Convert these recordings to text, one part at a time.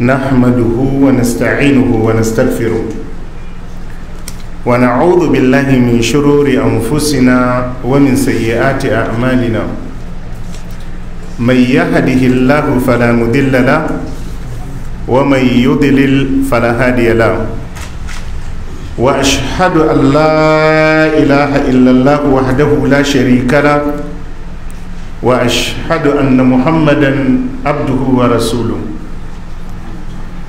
نحمده ونستعينه ونستغفره ونعوذ بالله من شرور أنفسنا ومن سيئات أعمالنا من يهده الله فلا مضل له ومن يضلل فلا هادي له واشهد ان لا اله الا الله وحده لا شريك له واشهد ان محمدا عبده ورسوله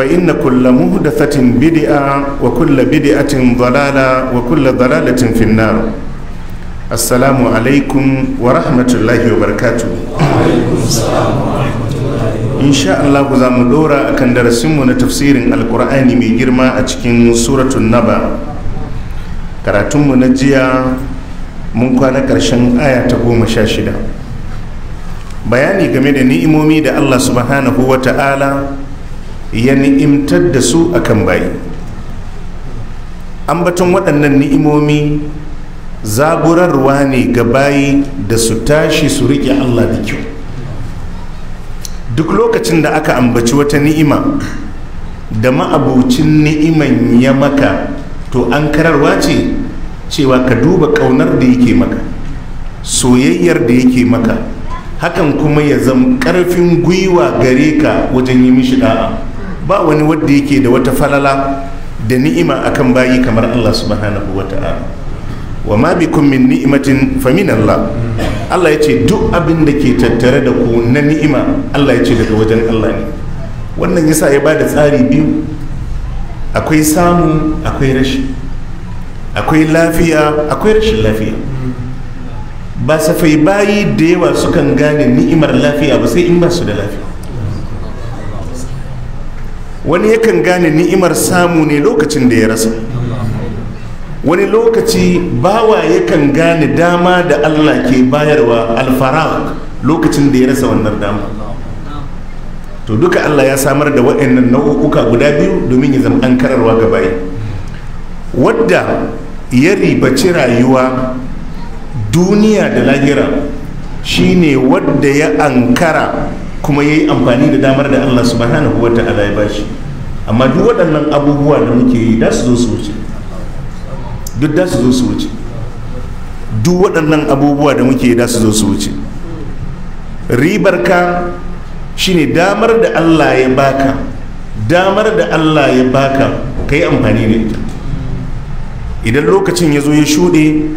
فإن كل مهدثة بدعة وكل بدعة ضلالة وكل ضلالة في النار السلام عليكم ورحمة الله وبركاته وعليكم السلام ورحمة الله وبركاته إن شاء الله za mu dora akan darasinmu na tafsirin alkur'ani mai girma a cikin suratun naba karatunmu na jiya mun kwana ƙarshen aya ta goma sha shida bayani game da ni'imomi da allah subhanahu wa ya ni'imtar da su a kan bayi ambaton waɗannan ni'imomi zaburarwa ne ga bayi da su tashi su riƙe allah da kyau duk lokacin da aka ambaci wata ni'ima da ma'abucin ni'iman ya maka to an kararwa ce cewa ka duba ƙaunar da yake maka soyayyar da yake maka hakan kuma ya zama ƙarfin gwiwa gare ka wajen yi mishi da'a ba wani wadda yake da wata falala da ni'ima akan bayi kamar Allah subhanahu wa ta'ala wa ma kun min ni'imatin, famin Allah. Allah ya ce duk abin da ke tattare da ku na ni'ima Allah ya ce daga wajen Allah ne wannan yasa ya ba da tsari biyu akwai samu akwai rashi akwai lafiya akwai rashin lafiya ba safai bayi da yawa sukan gane ni'imar lafiya ba sai in ba su da lafiya wani yakan gane ni'imar samu ne lokacin da ya rasa wani lokaci bawa yakan gane dama da allah ke bayarwa alfara lokacin da ya rasa wannan dama to duka allah ya samar da waɗannan nau'uka guda biyu domin ya zama an kararwa ga bayi wadda ya ribaci rayuwa duniya da lahira shine wadda ya ankara kuma ya yi amfani da damar da allah subhanahu wa ta'ala ya bashi amma duk waɗannan abubuwa da muke yi da su zo su wuce duk da su zo su wuce duk waɗannan abubuwa da muke yi da su zo su wuce ribar ka shine damar da allah ya baka damar da allah ya baka ka yi amfani da ita idan lokacin ya zo ya shuɗe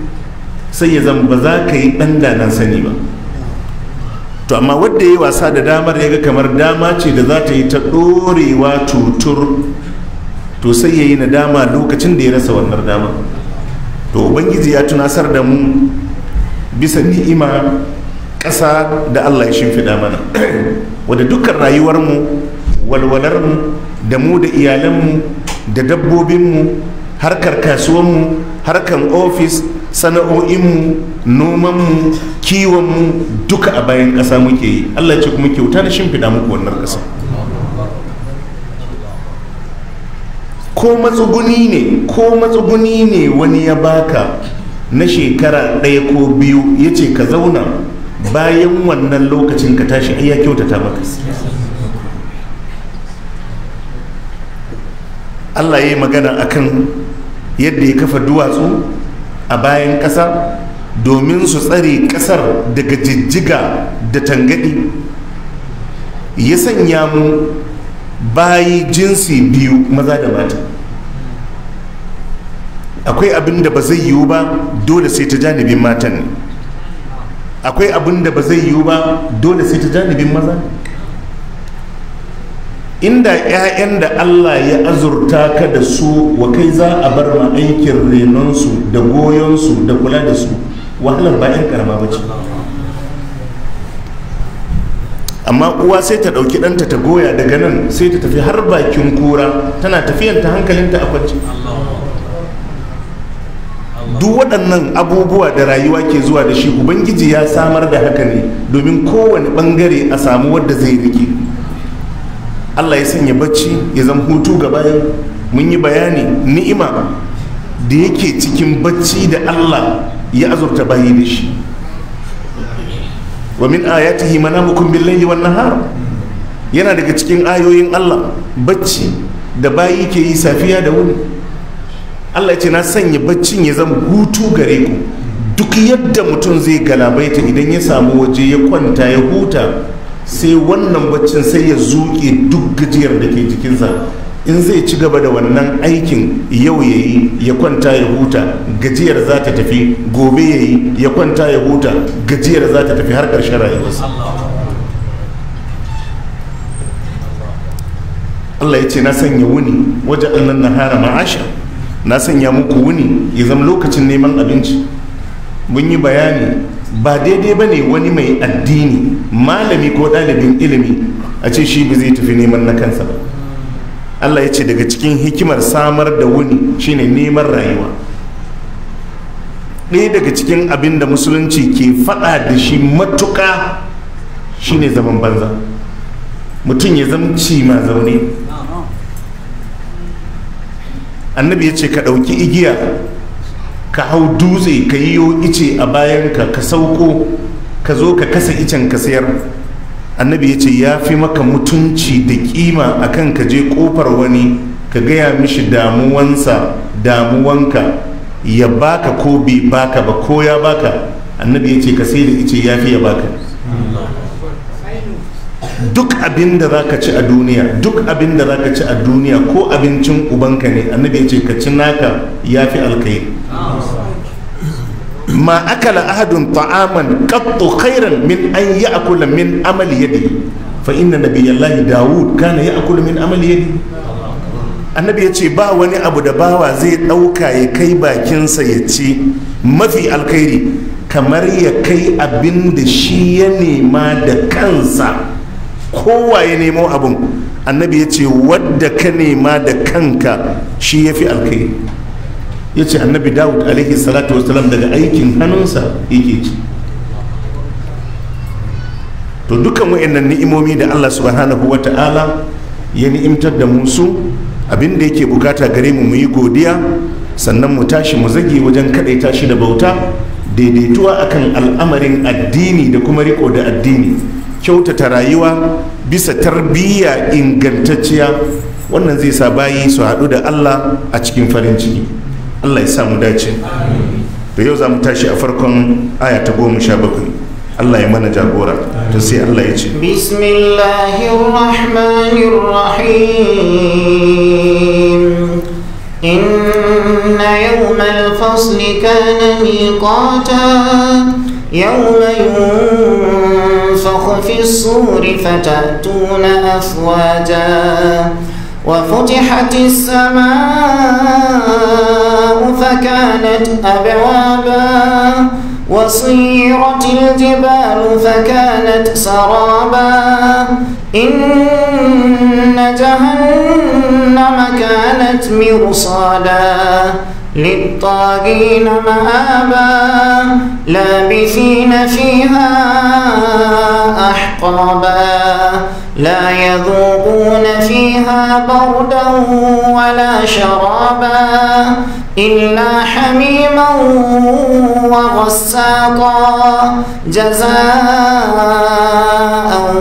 sai ya zama ba za ka yi ɗan da nan sani ba to amma wadda ya yi wasa da damar ya ga kamar dama ce da za ta yi ta ɗorewa tutur to sai ya yi nadama lokacin da ya rasa wannan dama to ubangiji ya tunasar da mu bisa ni'ima ƙasa da allah ya shimfiɗa mana wadda dukkan rayuwarmu walwalarmu da mu da iyalanmu da dabbobinmu harkar kasuwanmu harkar ofis sana'o'inmu nomanmu kiwonmu duka a bayan ƙasa muke yi allah ce kuma kyauta na shimfiɗa muku wannan ƙasa ko matsuguni ne ko matsuguni ne wani ya baka na shekara ɗaya ko biyu ya ce ka zauna bayan wannan lokacin ka tashi ai ya kyautata maka allah ya yi magana akan yadda ya kafa duwatsu a bayan kasar domin su tsare ƙasar daga jijjiga da tangaɗi ya sanya mu bayi jinsi biyu maza da mata akwai abin da ba zai yiwu ba dole sai ta janibin matan ne akwai abin da ba zai yiwu ba dole sai ta janibin maza ne inda 'ya'yan da allah ya azurta ka da su wa kai za a bar ma aikin renonsu da goyonsu da kula da su wahalar ba karama ba amma uwa sai ta ɗauki ɗanta ta goya daga nan sai ta tafi har bakin kura tana tafiyan ta hankalinta a kwance duk waɗannan abubuwa da rayuwa ke zuwa da shi ubangiji ya samar da haka ne domin kowane ɓangare a samu wadda zai rike allah ya sanya bacci ya zama hutu ga bayan mun yi bayani ni'ima da yake cikin bacci da allah ya azurta bayi da shi wa min ayatihi manamukum billayli wan nahar yana daga cikin ayoyin allah bacci da bayi ke yi safiya da wuni allah ya ce na sanya baccin ya zama hutu gare ku duk yadda mutum zai galabaita idan ya samu waje ya kwanta ya huta sai wannan baccin sai ya zuke duk gajiyar da ke jikinsa in zai ci gaba da wannan aikin yau ya yi ya kwanta ya huta gajiyar za ta tafi gobe ya yi ya kwanta ya huta gajiyar za ta tafi har ƙarshen rayuwarsa Allah ya ce na sanya wuni wajen annan hara ma'asha na sanya muku wuni ya zama lokacin neman abinci mun yi bayani ba daidai ba ne wani mai addini malami ko ɗalibin ilimi a ce shi ba zai tafi neman na kansa ba allah ya ce daga cikin hikimar samar da wuni shine neman rayuwa ɗaya daga cikin abin da musulunci ke faɗa da shi matuƙa shine zaman banza mutum ya zamci ma zaune annabi ya ce ka ɗauki igiya ka hau dutse ka yi yo ice a bayan ka sauko ka zo ka kasa icen ka sayar annabi ya ce ya fi maka mutunci da kima a kan ka je kofar wani ka gaya mishi damuwansa damuwanka ya baka ko bai baka ba ko ya baka annabi ya ce ka sai da ice ya fi ya baka duk abin da za ka ci a duniya duk abin da za ka ci a duniya ko abincin ubanka ne annabi ya ce ka ci naka ya fi ma akala ahadun ta'aman qattu khairan min an ya'kula min amali yadi fa inna nabiyallahi dawud kana ya'kulu min amali yadi annabi yace ce ba wani abu da bawa zai ɗauka ya kai bakinsa ya ce mafi alkhairi kamar ya kai abin da shi ya nema da kansa kowa ya nemo abin annabi ya ce wadda ka nema da kanka shi ya fi alkhairi ya ce annabi dawud alaihi salatu wasalam daga aikin hannunsa yake ci to dukkan wa'annan ni'imomi da allah subhanahu wa ta'ala ya ni'imtar da musu abin da yake bukata gare mu mu yi godiya sannan mu tashi mu zage wajen kaɗaita tashi da bauta daidaituwa akan al'amarin addini da kuma riko da addini kyautata rayuwa bisa tarbiyya ingantacciya wannan zai sa bayi su haɗu da allah a cikin farin ciki Allah ya sa mu dace da yau za mu tashi a farkon aya ta goma sha bakwai Allah ya mana jagora to sai Allah ya ce bismillahirrahmanirrahim inna yawmal fasli kana miqata يوم ينفخ في الصور فتأتون أفواجا وفتحت السماء فكانت أبوابا وصيرت الجبال فكانت سرابا إن جهنم كانت مرصادا للطاغين مآبا لابثين فيها أحقابا لا يذوقون فيها بردا ولا شرابا إلا حميما وغساقا جزاء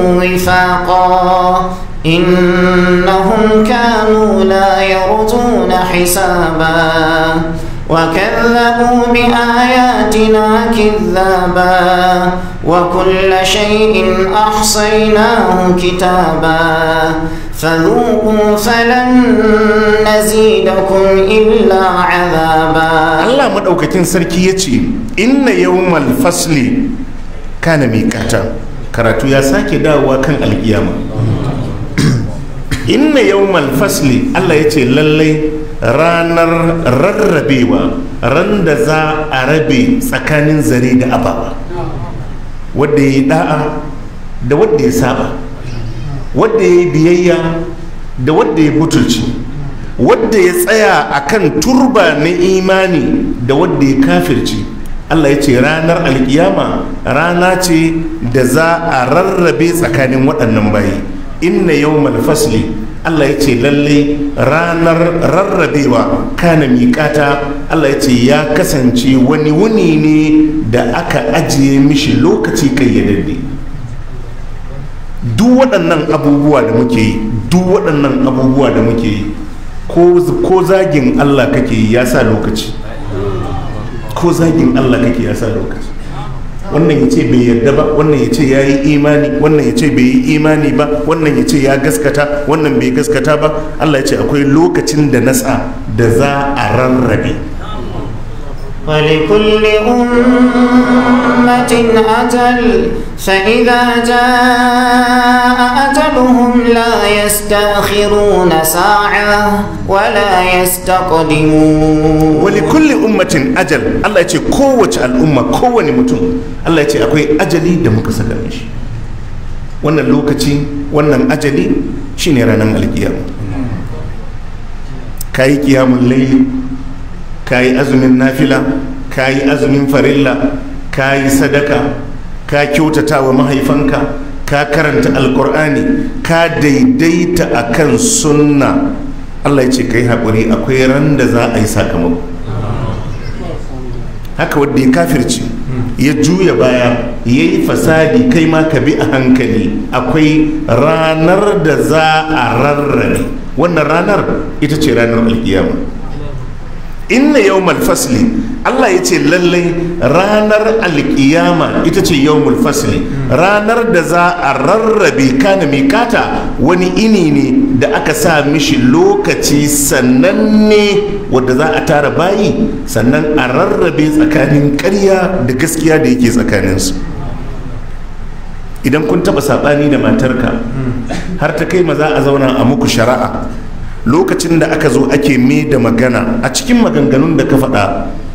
وفاقا إنهم كانوا لا يرجون حسابا وكذبوا بآياتنا كذابا وكل شيء أحصيناه كتابا فذوقوا فلن نزيدكم إلا عذابا الله مدعوكتين سركيتي إن يوم الفصل كان ميقاتا كراتو ya sake dawowa kan alkiyama inna yawmal fasli Allah ya ce ranar rarrabewa ran da za a rabe tsakanin zare da ababa wadda ya yi da'a da wadda ya saba wadda ya yi biyayya da wadda ya butulci wadda ya tsaya a kan turba na imani da wadda ya kafirci allah ya ce ranar alkiyama rana ce da za a rarrabe tsakanin waɗannan bayi inna yau malfasli Allah ya ce lalle ranar rarrabewa kana miƙata Allah ya ce ya kasance wani wuni ne da aka ajiye mishi lokaci kayyadadde duk waɗannan abubuwa da muke yi duk waɗannan abubuwa da muke yi ko zagin Allah kake ya sa lokaci ko zagin Allah kake ya sa lokaci wannan ya ce bai yarda ba wannan ya ce ya yi imani wannan ya ce bai yi imani ba wannan ya ce ya gaskata wannan bai gaskata ba allah ya ce akwai lokacin da nasa da za a rarrabe ولكل أمة أجل فإذا جاء أجلهم لا يستأخرون ساعة ولا يستقدمون ولكل أمة أجل الله يتي قوة الأمة قوة متون الله يتي أقوي أجلي دمك سلمش وانا lokaci وانا أجلي شيني رانا القيامة كاي قيام الليل ka yi azumin nafila ka yi azumin farilla ka yi sadaka ka kyautata wa mahaifanka ka karanta alkur'ani ka daidaita a kan sunna allah ya ce ka yi haƙuri akwai ran da za a yi sakamako haka wadda ya kafirci ya juya baya ya yi fasadi kai ma ka bi a hankali akwai ranar da za a rarrabe wannan ranar ita ce ranar alkiyama inna yawmal fasli Allah ya ce lallai ranar alƙiyama ita ce yawmul fasli ranar da za a rarrabe kana mikata wani ini ne da aka sa mishi lokaci sannan ne wadda za a tara bayi sannan a rarrabe tsakanin karya da gaskiya da yake tsakaninsu idan kun taba saɓani da matarka har ta kai ma za a zauna a muku shari'a lokacin da aka zo ake mai da magana a cikin maganganun da ka faɗa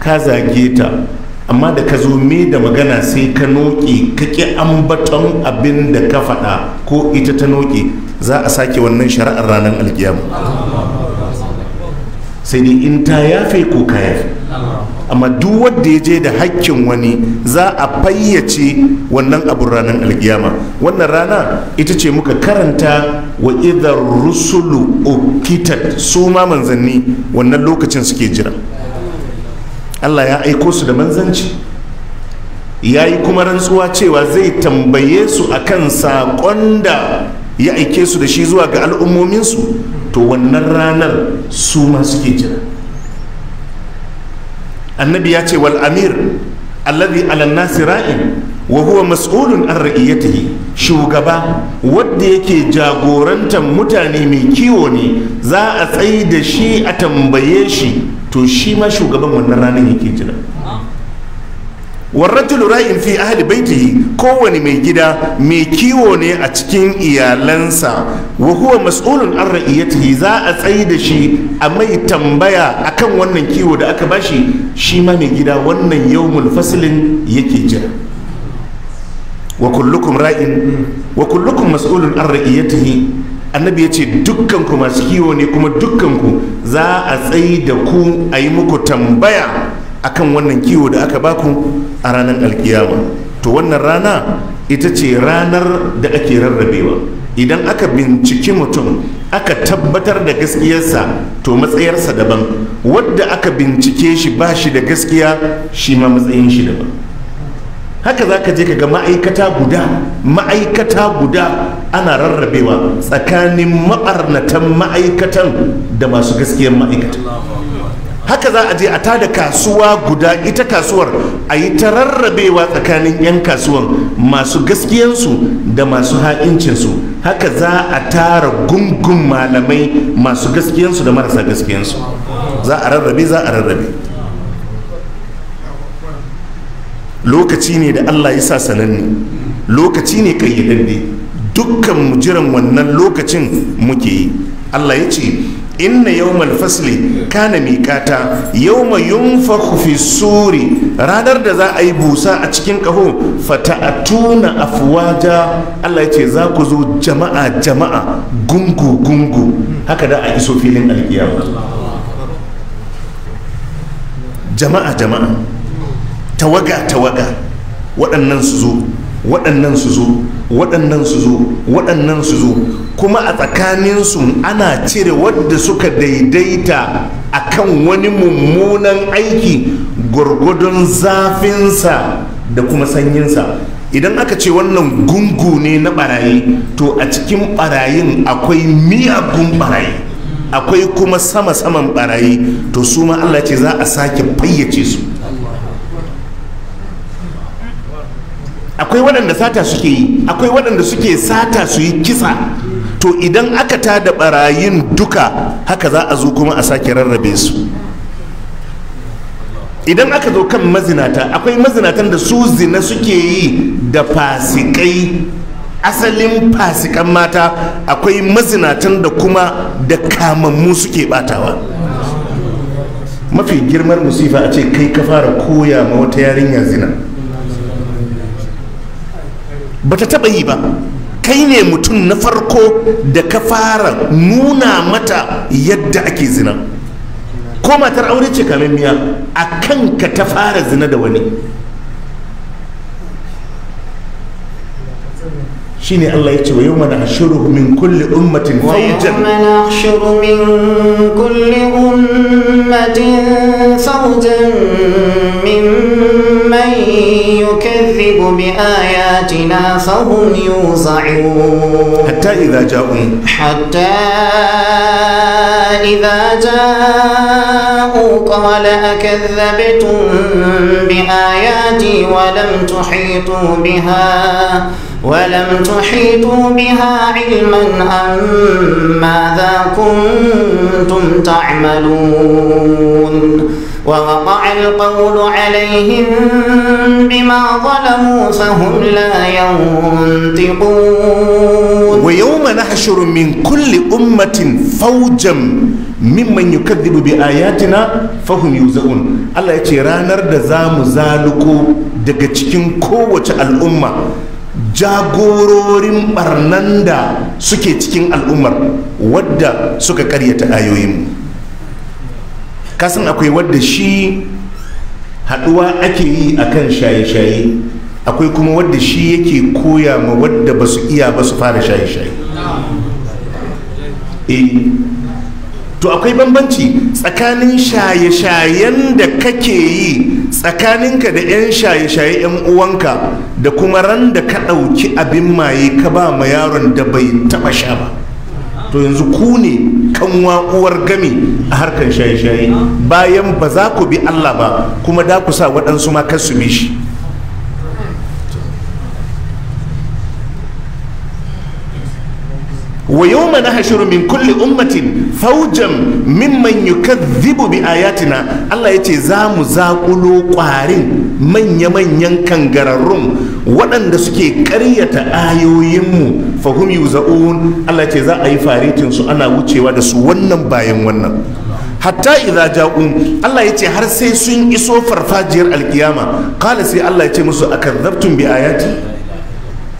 ka zage ta amma da ka zo mai da magana sai ka noƙe ka ƙi ambaton abin da ka faɗa ko ita ta noƙe za a sake wannan shari'ar ranar alkiyama sai dai in ta yafe ko ka yafe amma duk wanda ya je da hakkin wani za a fayyace wannan abun ranar alkiyama wannan rana ita ce muka karanta wa idar rusulu ukitat su ma manzanni wannan lokacin suke jira allah ya aiko su da manzanci ya yi kuma rantsuwa cewa zai tambaye su akan saƙon da ya aike su da shi zuwa ga al'ummominsu to wannan ranar su ma suke jira annabi ya ce wal amir alladhi ala nasi ra'in wa huwa mas'ulun an ra'iyatihi shugaba wanda yake jagorantar mutane mai kiwo ne za a tsayi da shi a tambaye shi to shi ma shugaban wannan ranar yake jira warrajulu ra'in fi ahli baitihi kowane mai gida mai kiwo ne a cikin iyalansa wa huwa mas'ulun an ra'iyatihi za a tsayi da shi a mai tambaya akan wannan kiwo da aka bashi shi ma mai gida wannan yawmul fasilin yake jira wa kullukum ra'in wa kullukum mas'ulun an ra'iyatihi annabi ya ce dukkanku masu kiwo ne kuma dukkanku za a tsayi da ku a yi muku tambaya akan wannan kiwo da aka baku a ranar alkiyama to wannan rana ita ce ranar da ake rarrabewa idan aka binciki mutum aka tabbatar da gaskiyarsa to matsayarsa daban wadda aka bincike shi ba shi da gaskiya shi ma matsayin shi daban haka za ka je ka ga ma'aikata guda ma'aikata guda ana rarrabewa tsakanin ma'arnatan ma'aikatan da masu gaskiyar ma'aikata. haka za a je a tada kasuwa guda ita kasuwar a yi ta rarrabewa tsakanin 'yan kasuwan masu gaskiyansu da masu ha'incinsu haka za a tara gungun malamai masu gaskiyansu da marasa gaskiyansu za a rarrabe za a rarrabe lokaci ne da allah ya sa sananne lokaci ne kayyadadde dukkan mu jiran wannan lokacin muke yi allah ya ce inna yawmal fasli kana miƙata yawma yunfakhu fi suri ranar da za a yi busa a cikin kaho fata'atuna afwaja Allah yace za ku zo jama'a jama'a gungu gungu haka da a iso filin alkiyama jama'a jama'a tawaga tawaga waɗannan su zo waɗannan su zo waɗannan su zo waɗannan su zo kuma a tsakaninsu ana cire wadda suka daidaita a kan wani mummunan aiki gwargwadon zafinsa da kuma sanyinsa idan aka ce wannan gungu ne na ɓarayi to a cikin ɓarayin akwai miyagun ɓarayi akwai kuma sama-saman ɓarayi to su ma allah ce za a sake fayyace su akwai waɗanda sata suke yi akwai waɗanda suke sata su yi kisa to idan aka ta da barayin duka haka za a zo kuma a sake rarrabe su idan aka zo kan mazinata akwai mazinatan da su zina suke yi da fasikai asalin fasikan mata akwai mazinatan da kuma da kamammu suke batawa mafi girmar musifa a ce kai ka fara koya ma wata yarinya zina ba ta taɓa yi ba kai ne mutum na farko da ka fara nuna mata yadda ake zina ko matar aure ce kamar miya a kanka ta fara zina da wani شيني الله يجي ويوم نحشره من كل أمة فوجا ويوم نحشر من كل أمة فوجا من يكذب بآياتنا فهم يوزعون حتى إذا جاءوا حتى إذا جاءوا قال أكذبتم بآياتي ولم تحيطوا بها ولم تحيطوا بها علما أم ماذا كنتم تعملون ووقع القول عليهم بما ظلموا فهم لا ينطقون ويوم نحشر من كل أمة فوجا mimman yukadhibu bi ayatina fahum yuzaun Allah ya ce ranar da za mu zaluko daga cikin kowace al'umma jagororin barnan da suke cikin al'ummar wadda suka karyata ayoyinmu kasan akwai wadda shi haduwa ake yi a kan shaye-shaye akwai kuma wadda shi yake koya ma wadda ba su iya ba su fara shaye-shaye eh, to akwai bambanci tsakanin shaye-shayen da kake yi tsakaninka da 'yan shaye-shaye 'yan uwanka da kuma ran da ka ɗauki abin maye ka ba ma yaron da bai taɓa sha ba to yanzu ku ne Kan uwar gami a harkar shaye-shaye bayan ba za ku bi Allah ba kuma da ku sa waɗansu ma kar su bi shi wa mana hashiru min kulli ummatin fawjan mimman yukazzibu bi ayatina Allah yace za mu zaƙulo ƙwarin manya-manyan kangararrun waɗanda suke ƙaryata ayoyinmu fahum yuzaun Allah yace za a yi faritin ana wucewa da su wannan bayan wannan hatta idza ja'u Allah yace har sai sun iso farfajiyar alkiyama qala sai Allah yace musu akadzabtum bi ayati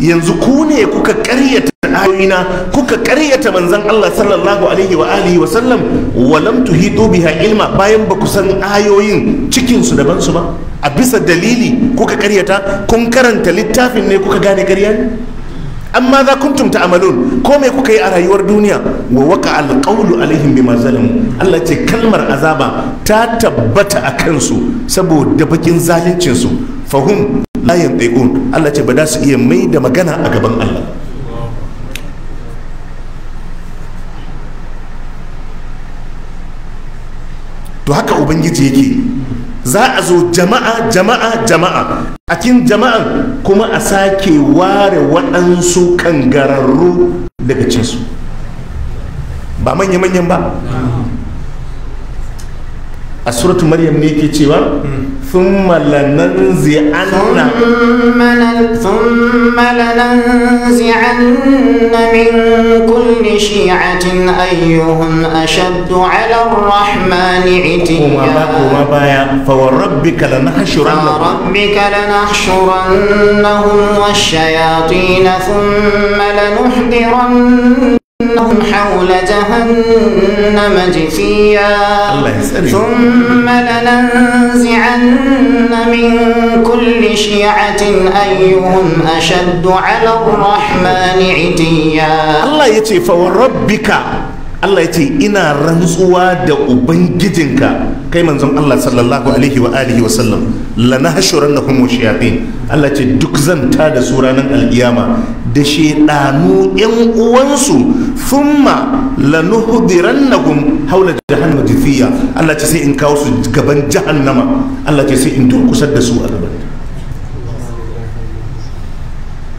yanzu ku ne kuka karyata ayoyina kuka karyata manzon Allah sallallahu alaihi wa alihi wa sallam wa lam tuhidu biha ilma bayan ba ku san ayoyin cikin su daban su ba a bisa dalili kuka karyata kun karanta littafin ne kuka gane karya ne amma za kuntum ta'malun ko me kuka yi a rayuwar duniya wa waka alƙawlu alaihim bima zalamu Allah ce kalmar azaba ta tabbata a kansu saboda bakin zalincin su fahum layin ɗaiƙun Allah ce ba za su iya mai da magana a gaban Allah to haka ubangiji yake za a zo jama'a jama'a jama'a a cikin jama'a, kuma a sake ware waɗansu kangararru daga cinsu ba manya-manyan ba سورة مريم نيكي تشيوا ثم لننزعن ثم لننزعن من كل شيعة أيهم أشد على الرحمن عتيا فوربك لنحشرنهم فوربك لنحشرنهم والشياطين ثم لنحضرن إنهم حول جهنم جثيا ثم لننزعن من كل شيعة أيهم أشد على الرحمن عتيا الله يتي فوربك Allah ya ce ina rantsuwa da ubangijinka kai manzon Allah sallallahu alaihi wa alihi wa sallam lanahshuran lahum shayatin Allah ce duk zan ta da su ranar alkiyama da shedanu yan uwansu thumma lanuhdirannahum hawla jahannam jifiya Allah ce sai in kawo su gaban jahannama Allah ce sai in durkusar da su a gaban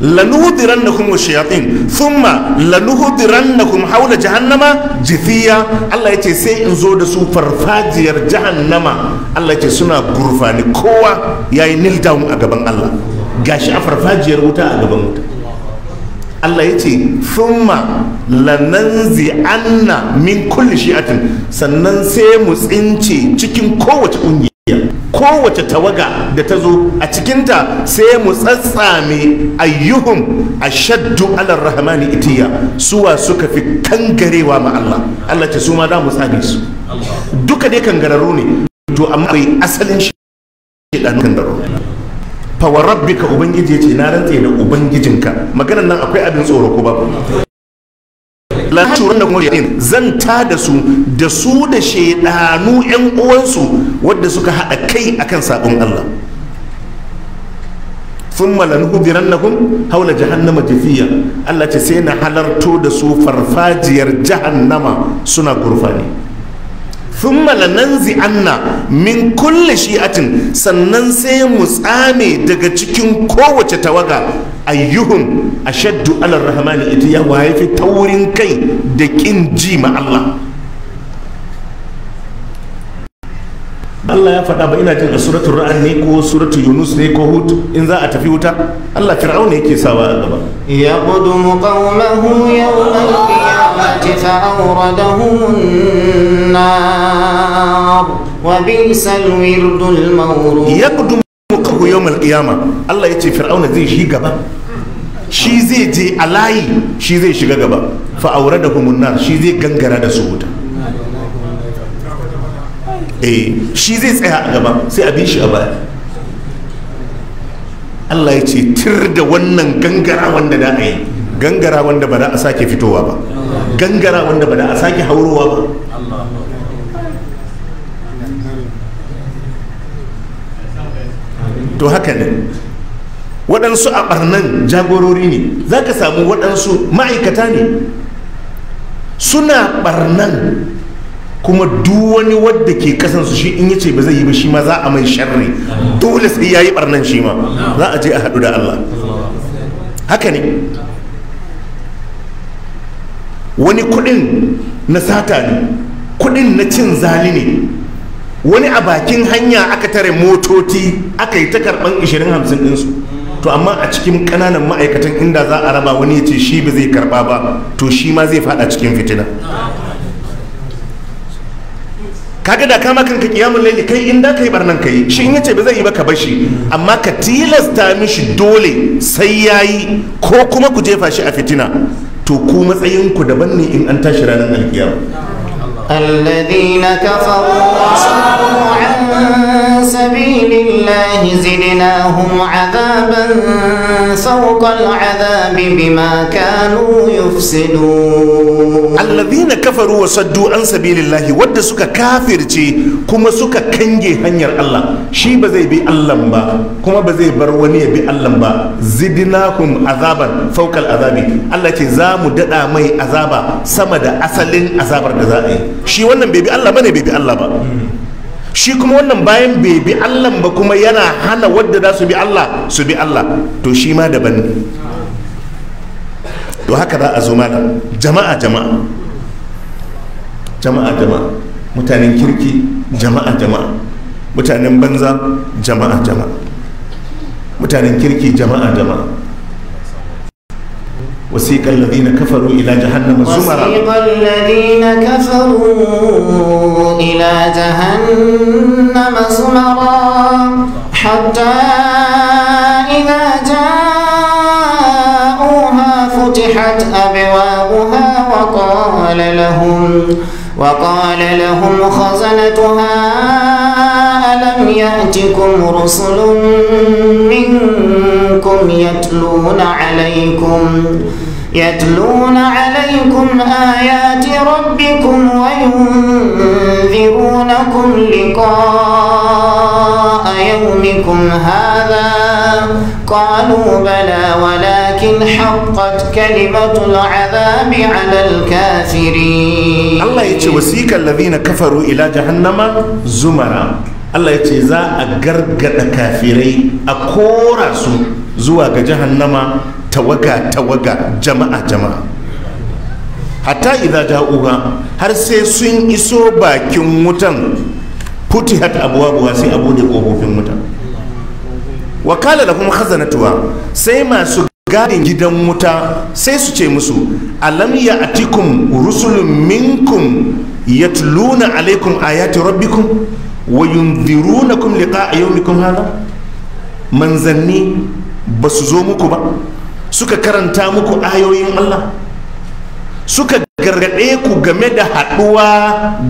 lanuhudirannakum washayatin thumma lanuhudirannakum hawla jahannama jithiya Allah yace sai in zo da su farfajiyar jahannama Allah yace suna gurfani kowa yayi nil down a gaban Allah gashi a farfajiyar wuta a gaban wuta Allah yace ce thumma lananzi anna min kulli shi'atin sannan sai mu tsince cikin kowace ƙungiya kowace tawaga da ta zo a cikinta sai mu tsatsame ayyuhum a shaddu alar rahmani itiya suwa suka fi kangarewa ma Allah Allah ce su ma da mu tsame su duka dai kangararru ne to amma bai asalin shi ɗan kangararru fa wa rabbika ubangiji ce na rantse da ubangijinka maganar nan akwai abin tsoro ko babu la da kuma din zan ta da su da su da shedanu yan uwansu wadda suka haɗa kai akan sabon Allah thumma lanhudirannahum hawla jahannama jafiya Allah ce sai na halarto da su farfajiyar jahannama suna gurfani thumma nan anna min kulle shi'atin sannan sai mu tsame daga cikin kowace tawaga ayyuhun ashaddu alar rahmani ita ya waye taurin kai da kin ji ma Allah Allah ya faɗa ba ina jin a suratun ra'an ne ko suratun yunus ne ko hud in za a tafi wuta Allah fir'aun ne yake sawa a gaba ya ya qawmahu yawmal qiyamati fa awradahum النار وبئس الورد المورود يقدم قوه يوم القيامة الله يتي فرعون زي شي غبا شي زي جي الاي شي زي شي غبا فاوردهم النار شي زي غنغرا da su wuta eh shi zai tsaya a gaba sai abin shi a baya Allah ya ce tir wannan gangara wanda da a yi gangara wanda ba da a sake fitowa ba gangara wanda ba da a sake haurowa ba Allah to haka ne waɗansu a ɓarnan jagorori ne za ka samu waɗansu ma'aikata ne suna ɓarnan kuma duk wani wadda ke kasansu shi in yace ba zai yi ba shi ma za a mai sharri dole sai ya yi ɓarnan shi ma za a je a haɗu da Allah haka ne wani kuɗin na sata ne kuɗin na cin zali ne wani a bakin hanya aka tare motoci aka yi ta karɓan 20-50 ɗinsu to amma a cikin ƙananan ma'aikatan inda za a raba wani ya ce shi ba zai karɓa ba to shi ma zai faɗa cikin fitina kaga da kama kanka kiyamun laili kai inda kai barnan kai shi in yace ba zai yi ba ka bashi amma ka tilasta mishi dole sai yayi ko kuma ku jefa shi a fitina to ku matsayin ku daban ne in an tashi ranar alkiyama الذين كفروا وصلوا عن سبيل الله زدناهم عذابا فوق العذاب بما كانوا يفسدون الذين كفروا وصدوا عن سبيل الله ود سكا كافر كما سكا كنجي هنير الله شي بزي بي اللهم با كما بزي بروني بي اللهم با زدناهم عذابا فوق العذاب الله تي زامو ددا مي عذابا سمد da asalin دزائي شي ونن بي بي الله wannan بي بي الله با shi kuma wannan bayan bai bi Allah ba kuma yana hana wadda za su bi Allah su bi Allah to shi ma daban ne to haka za a zo mana jama'a jama'a jama'a jama'a mutanen kirki jama'a jama'a mutanen banza jama'a jama'a mutanen kirki jama'a jama'a وسيق الذين كفروا إلى جهنم زمرا وسيق الذين كفروا إلى جهنم جهنم زمرا حتى إذا جاءوها فتحت أبوابها وقال لهم وقال لهم خزنتها ألم يأتكم رسل منكم يتلون عليكم يتلون عليكم آيات ربكم وينذرونكم لقاء يومكم هذا قالوا بلى ولكن حقت كلمة العذاب على الكافرين الله يتوسيك الذين كفروا إلى جهنم زمرا Allah ya ce za a gargada kafirai a kora su zuwa ga jahannama tawaga tawaga jama'a jama'a hatta idza ja'uha har sai sun iso bakin wutan futihat abwabuha sai abu da kofofin mutan wa kala lahum khazanatuha sai masu gadin gidan wuta sai su ce musu alam ya atikum rusulun minkum yatluna alaikum ayati rabbikum wa a liqa'a kuma hana manzanni ba su zo muku ba suka karanta muku ayoyin Allah suka gargaɗe ku game da haɗuwa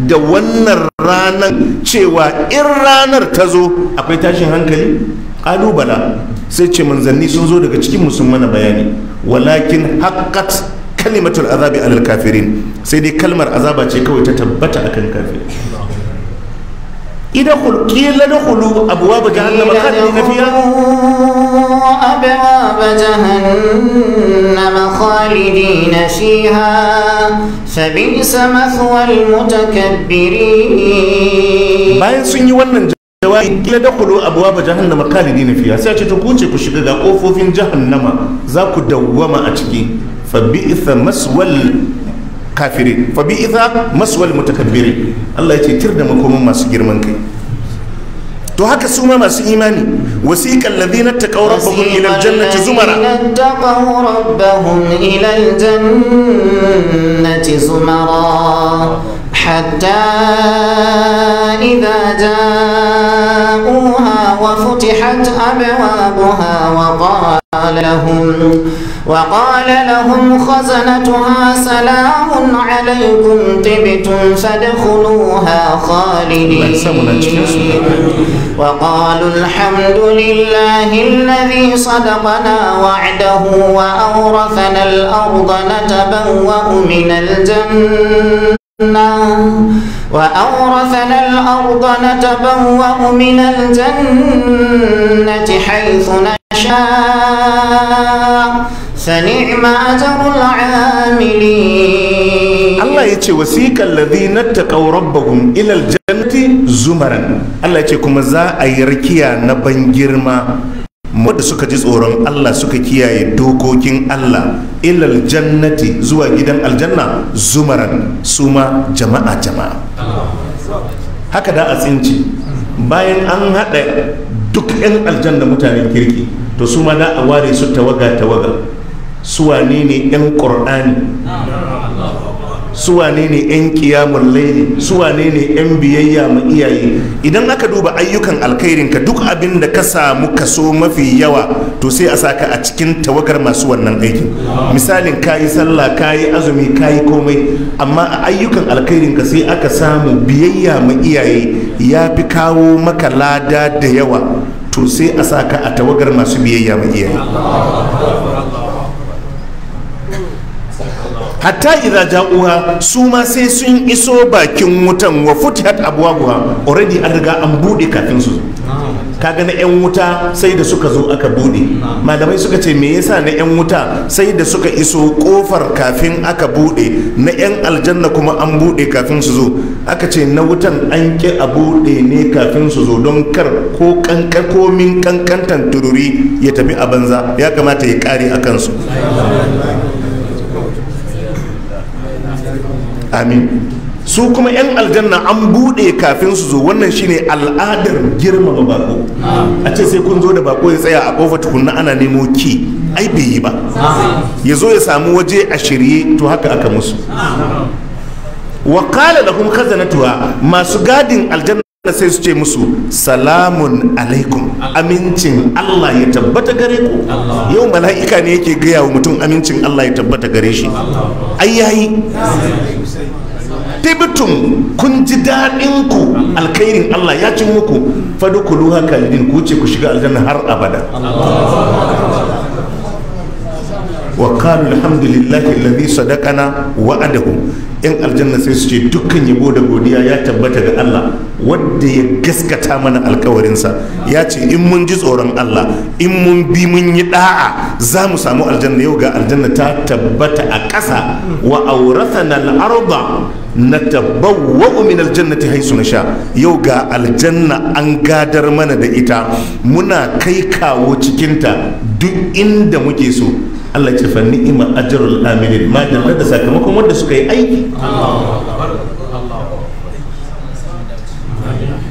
da wannan ranar cewa in ranar ta zo akwai tashin hankali ƙalubala sai ce manzanni sun zo daga cikin musulmana bayani walakin haƙƙat kalimatul azabi alal kafirin sai dai kalmar azaba ce kawai ta tabbata akan kafirin إدخل قيل ادخلوا أبواب جهنم خالدين فيها أبواب جهنم خالدين فيها فبئس مثوى المتكبرين bayan sun yi wannan jawabi kila da kulu abuwa jahannama na fiya. sai ce ta ku ku shiga ga kofofin jahannama za ku dawwama a ciki fa bi'sa maswal kafirin fa bi idha maswal mutakabbiri Allah ya ce tir da makomin masu girman kai to haka su ma masu imani wasiqal ladina taqaw rabbahum ila aljannati zumara taqaw rabbahum ila aljannati zumara hatta idha ja'uha wa futihat abwabuha wa qala lahum وقال لهم خزنتها سلام عليكم تبتم فادخلوها خالدين وقالوا الحمد لله الذي صدقنا وعده وأورثنا الأرض نتبوأ من الجنة وأورثنا الأرض نتبوأ من الجنة حيث نشاء فنعم أجر العاملين الله يتي وسيق الذين اتقوا ربهم إلى الجنة زمرا الله يتي كما زا أي na ban girma. wadda suka ji tsoron Allah suka kiyaye dokokin Allah ilal jannati zuwa gidan aljanna zumaran suma jama'a jama'a haka da a tsinci bayan an haɗa duk 'yan aljanna mutanen kirki to su ma da a ware su tawaga tawaga Suwa ne 'yan ƙur'ani suwa ne 'yan kiyamun laili suwane ne 'yan biyayya ma iyaye idan aka duba ayyukan alkhairinka duk abin da ka samu kaso mafi yawa to sai a saka a cikin tawagar masu wannan aiki misalin kayi sallah kayi azumi kayi komai amma a ayyukan alkhairinka sai aka samu biyayya ma iyaye ya fi kawo maka lada da yawa to sai a saka a tawagar masu biyayya ma iyaye hatta idza ja'uha su ma sai sun iso bakin wutan wa futihat abwabuha already an riga an bude kafin su kaga na yan wuta sai da suka zo aka bude malamai suka ce me yasa na yan wuta sai da suka iso kofar kafin aka bude na yan aljanna kuma an bude kafin su zo aka ce na wutan an ki a bude ne kafin su zo don kar ko kankan min kankantan tururi ya tafi a banza ya kamata ya kare a kansu amin su kuma 'yan aljanna an buɗe kafin su zo wannan shine al'adar girmama bako a ce sai kun zo da bako ya tsaya a kofa tukunna ana nemo ki ai bai yi ba ya zo ya samu waje a shirye to haka aka musu wa kala lahum khazanatuha masu gadin aljanna sai su ce musu salamun alaikum amincin Allah ya tabbata gare ku yau mala'ika ne yake gaya wa mutum amincin Allah ya tabbata gare shi ai yayi tibtum kun ji daɗin ku alkhairin Allah ya ci muku luha kalidin ku ce ku shiga aljanna har abada wa qalu alhamdulillahi alladhi sadaqana adahu in aljanna sai su ce dukkan yabo da godiya ya tabbata ga Allah wanda ya gaskata mana sa ya ce in mun ji tsoron Allah in mun bi mun yi da'a za mu samu aljanna yau ga aljanna ta tabbata a ƙasa wa awrathana al ardha na tabawwa'u min jannati haisu na sha yau ga aljanna an gadar mana da ita muna kai kawo cikinta duk inda muke so Allah ce fa ima ajrul aminin ma da sakamakon wanda suka yi aiki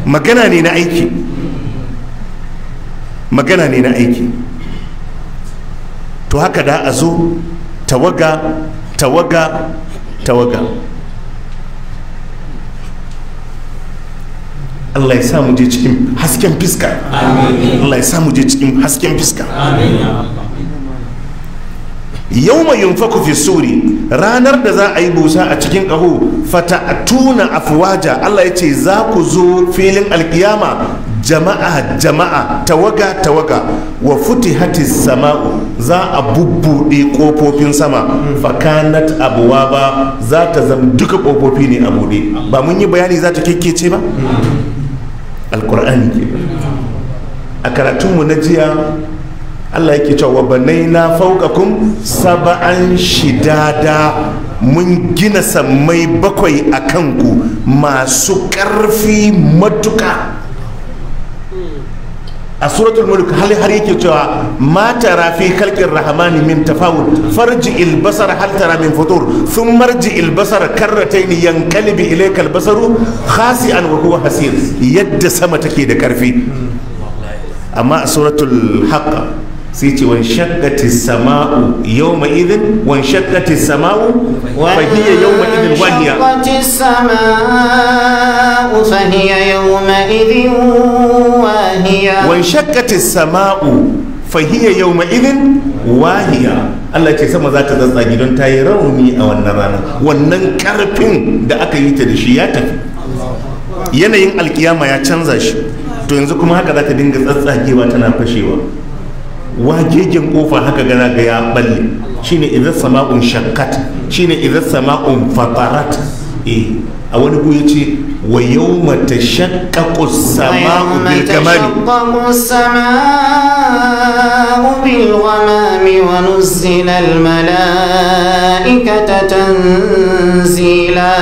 magana ne na aiki magana ne na aiki to haka da a zo tawaga tawaga tawaga Allah ya samu je cikin hasken fiska Allah ya samu je cikin hasken fiska yau mai yunfaku fi suri ranar da za a yi busa a cikin ƙaho fata a tuna afuwaja Allah ya ce za ku zo filin alkiyama jama'a jama'a tawaga tawaga wa futihati sama'u za a bubbuɗe ƙofofin sama fakanat abuwa ba za ta zama duka ƙofofi ne a buɗe ba mun yi bayani za ta kekece ba mm. alkur'ani ke a karatunmu na jiya allah yake cewa banai na faukakun saba'an shidada mun gina sammai bakwai a kanku masu ƙarfi matuka a suratul mulk hali har yake cewa ma tara fi khalqir rahmani min tafawul farji il basar hal tara min futur sun marji il basar karratayn yankalibi ilaykal basaru khasi'an wa huwa hasir yadda sama take da karfi amma a suratul haqqa sai ce wan shakkati sama'u yau ma idin wan shakkati sama'u fahiyya yau ma idin wahiya sama'u fahiyya yau ma idin wahiya Allah ce sama za ta zazza gidan ta yi rauni a wannan rana wannan karfin da aka yi ta da shi ya tafi yanayin alkiyama ya canza shi to yanzu kuma haka za ta dinga tsatsagewa tana fashewa wagegen kofa haka gana ga ya balle shine idan sama'un shakkat shine idan sama'un fatarat eh a wani ku ce wa yawma tashaqqaqu as-sama'u bil ghamami wa nuzzila al-mala'ikata tanzila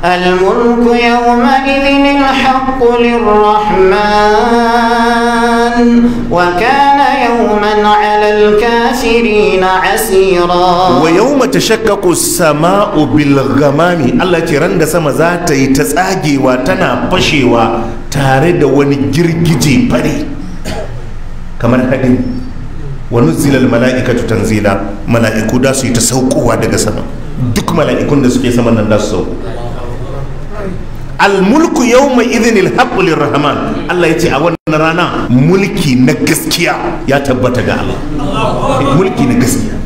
الملك يومئذ الحق للرحمن وكان يوما على الكافرين عسيرا ويوم تشقق السماء بالغمام الله تيران da sama za ta yi ta tsagewa tana fashewa tare da wani girgije fare kamar hadin wani zilal mala'ikatu tanzila mala'iku da su yi ta saukowa daga sama duk mala'ikun da suke sama nan da su sauko almulku mai izinin haƙulin lirrahman Allah ya ce a wannan rana mulki na gaskiya ya tabbata ga Allah mulki na gaskiya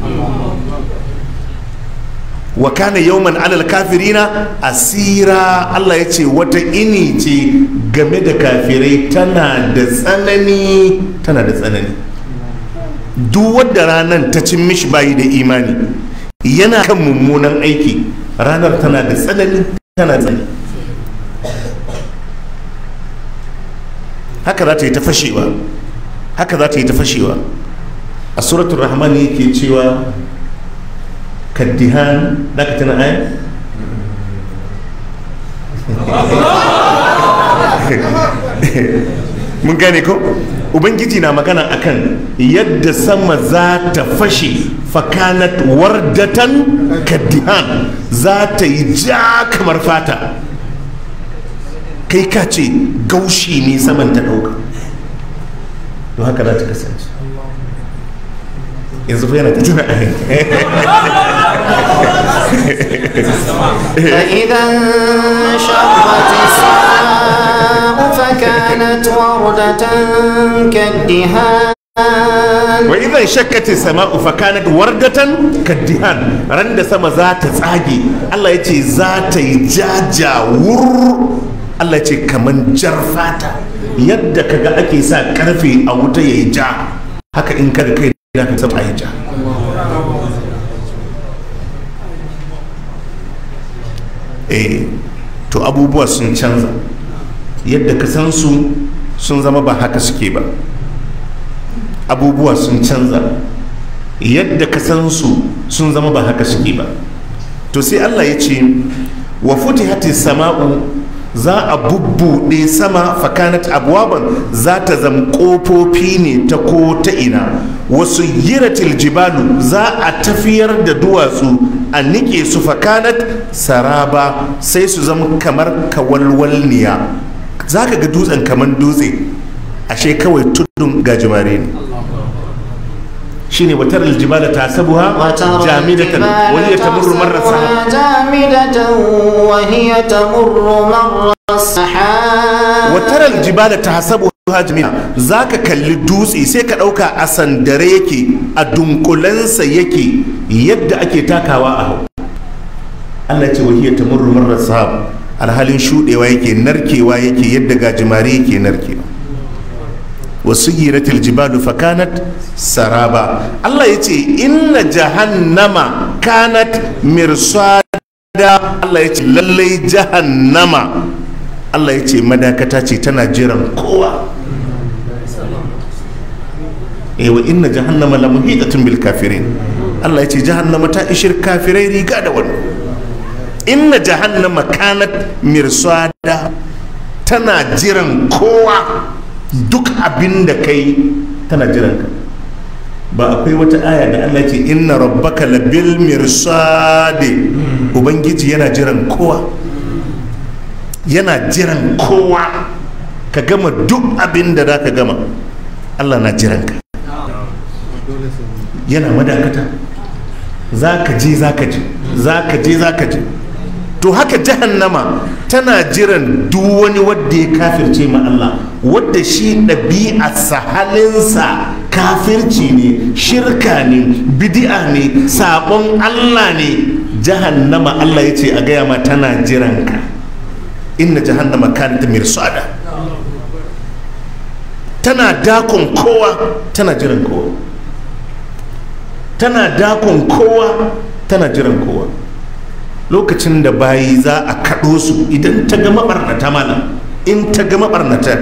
wa kana yawman alal kafirina asira Allah ya ce wata ini ce game da kafirai tana da tsanani tana da tsanani duk wadda ranar ta cin mishi bayi da imani yana kan mummunan aiki ranar tana da tsanani tana tsanani haka za ta yi ta fashewa haka za ta yi ta fashewa a suratul rahman yake cewa kaddihan da tana ayan mun gane ko ubangiji na magana akan yadda sama za ta fashe fakanat wardatan kaddihan za ta yi ja kamar fata kai ka ce gaushi ne saman ta ɗauka don haka za ta kasance yanzu fa yana ta tuna a فإذا انشقت السماء فكانت وردة كالدهان wa idan shakkati sama'u fa kanat wardatan kaddihan ran da sama za ta tsage Allah ya ce za ta yi jaja wur Allah ce kaman jar fata yadda kaga ake sa karfe a wuta ya yi ja haka in kada kai na ka saba ya ja eh to abubuwa sun canza yadda ka san su sun zama ba haka suke ba abubuwa sun canza yadda ka san su sun zama ba haka suke ba to sai Allah ya ce wa futihati sama'u za a bubbuɗe sama fakanat abwaban za ta zama ƙofofi ne ta ko ta ina wasu yiratil jibalu za a tafiyar da duwatsu a niƙe su fakanat saraba sai su zama kamar niya za ka ga dutsen kamar dutse ashe kawai tudun gajimare ne shine wa watar aljibala ta sabuha jamidatan wa hiya tamurru marra sahab jamidatan wa hiya tamurru marra sahab watar aljibala ta sabuha hajjamina za kalli dutse sai ka dauka a sandare yake a dunkulan sa yake yadda ake takawa a hau allah ce wa hiya tamurru marra sahab alhalin shudewa yake narkewa yake yadda gajimare yake narkewa wasu giratil jibalu fakanat saraba Allah ya ce inna jahannama kanat mirsada Allah ya ce lallai jahannama Allah ya ce madakata ce tana jiran kowa ewa eh, inna jahannama la muhitatun bil kafirin Allah ya ce jahannama ta ishir kafirai riga da wani inna jahannama kanat mirsada tana jiran kowa duk abin da kai tana jiranka ka ba akwai wata aya da Allah ce inna rabbaka labil mirsade ubangiji yana jiran kowa yana jiran kowa ka gama duk abin da za ka gama Allah na jiran ka yana madakata za ka je za ka je za ka je za ka je to haka jahannama tana jiran duk wani wadda ya kafirce ma Allah wadda shi ɗabi'arsa halinsa kafirci ne shirka ne bidi'a ne sabon Allah ne jahannama Allah ya ce a gaya ma tana jiran ka inna jahannama kanat mirsada tana dakon kowa tana jiran kowa tana dakon kowa tana jiran kowa lokacin da bayi za a kaɗo su idan ta ga mabarnata malam in ta ga mabarnata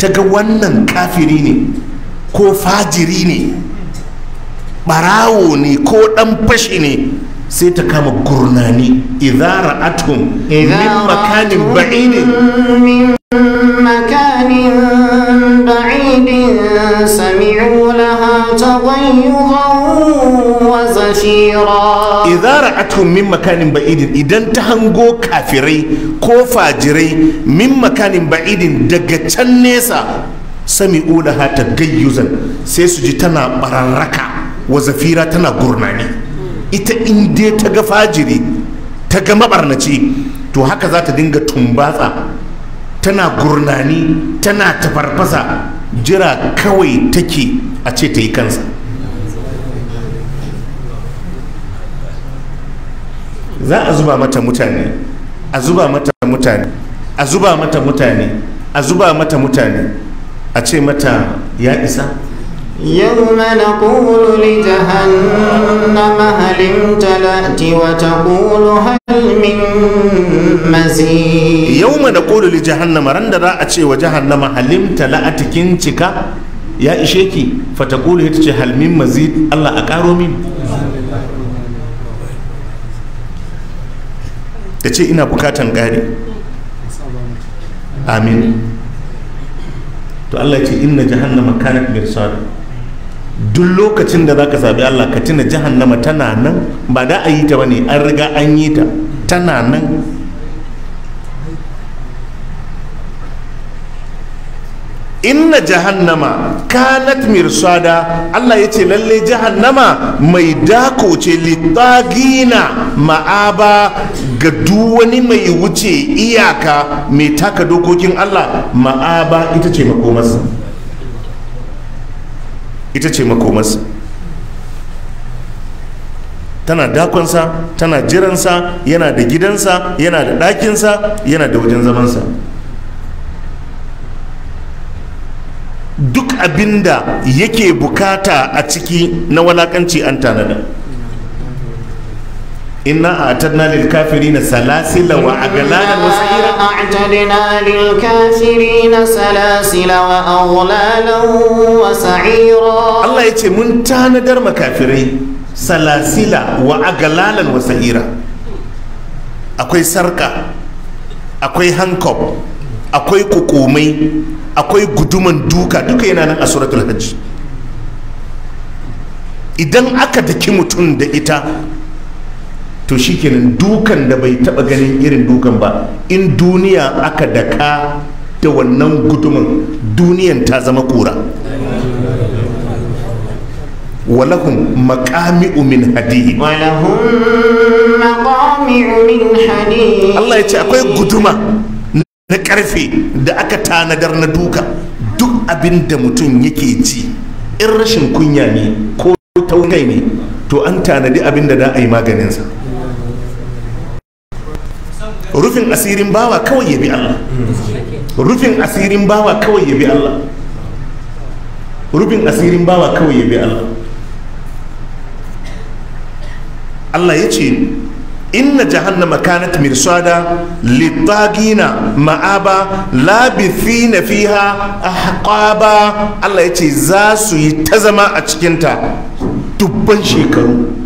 ta ga wannan kafiri ne ko fajiri ne ɓarawo ne ko ɗan fashi ne sai ta kama gurnani idara atum min makanin min makanin ba'idin sami'u laha Idara a tun min makanin ba'idin idan ta hango kafirai ko fajirai min makanin ba'idin daga can nesa sami ula hata gayyuzan sai su ji tana bararraka wa zafira tana gurnani ita in dai ta ga fajiri ta ga mabarnaci to haka za ta dinga tumbatsa tana gurnani tana tafarfasa jira kawai take a ce ta yi kansa za a zuba mata mutane a zuba mata mutane a zuba mata mutane a zuba mata mutane a ce mata ya isa يوم نقول لجهنم هل امتلأت وتقول هل من مزيد يوم نقول لجهنم رندرا أتشي وجهنم هل امتلأت كنتك ya ishe ki fatakulu ita ce halmin mazid allah a karo min da ce ina bukatan ƙari amin to allah ce inna jahannama kanat mirsada duk lokacin da za ka zaɓi Allah ka tuna jahannama tana nan ba da a yi ta bane an riga an yi ta tana nan inna jahannama kanat mirsada Allah ya ce lalle jahannama mai dako ce littagina ma'aba ga wani mai wuce iyaka mai taka dokokin Allah ma'aba ita ce makomarsa ita ce makomarsa tana dakonsa tana jiransa yana da gidansa yana da ɗakinsa yana da wajen zamansa duk abinda yake bukata a ciki na walakanci an tanada إنا أعتدنا للكافرين سلاسل وأغلالا وسعيرا أعتدنا للكافرين سلاسل وأغلالا وسعيرا الله يتي من تانا در مكافري سلاسل وأغلالا وسعيرا أكوي سرقة أكوي هنكوب أكوي كوكومي أكوي قدومن دوكا دوكا ينانا أسورة الحج إذن أكد كمتون دئتا to shikenan dukan da bai taba ganin irin dukan ba in duniya aka daka da wannan gudumin duniyan ta zama kura walakun makami umin hadi allah ya ce akwai guduma na karfe da aka tanadar na duka duk abin da mutum yake ci in rashin kunya ne ko taukai ne to an tanadi abin da da a yi maganinsa rufin asirin bawa kawai ya bi Allah rufin asirin bawa kawai ya bi Allah rufin asirin bawa kawai ya bi Allah Allah ya ce inna jahannama kanat mirsada litagina ma'aba labithina fiha ahqaba Allah ya ce za su yi ta zama a cikinta dubban shekaru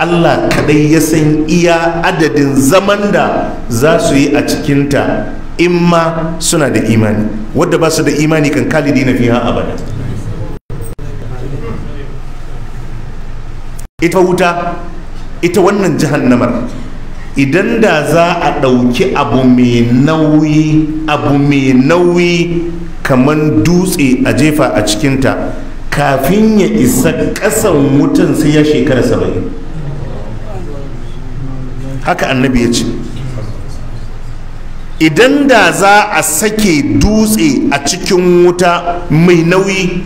allah kadai ya san iya adadin zaman da za su yi a cikinta in ma suna da imani wadda ba su da imani kan kalidi na fiha abada ita wuta ita wannan jahannamar idan da za a ɗauki abu mai nauyi abu mai nauyi kamar dutse a jefa a cikinta kafin ya isa ƙasan wutan sai ya shekara saba'in haka annabi ya ce idan da za a sake dutse a cikin wuta mai nauyi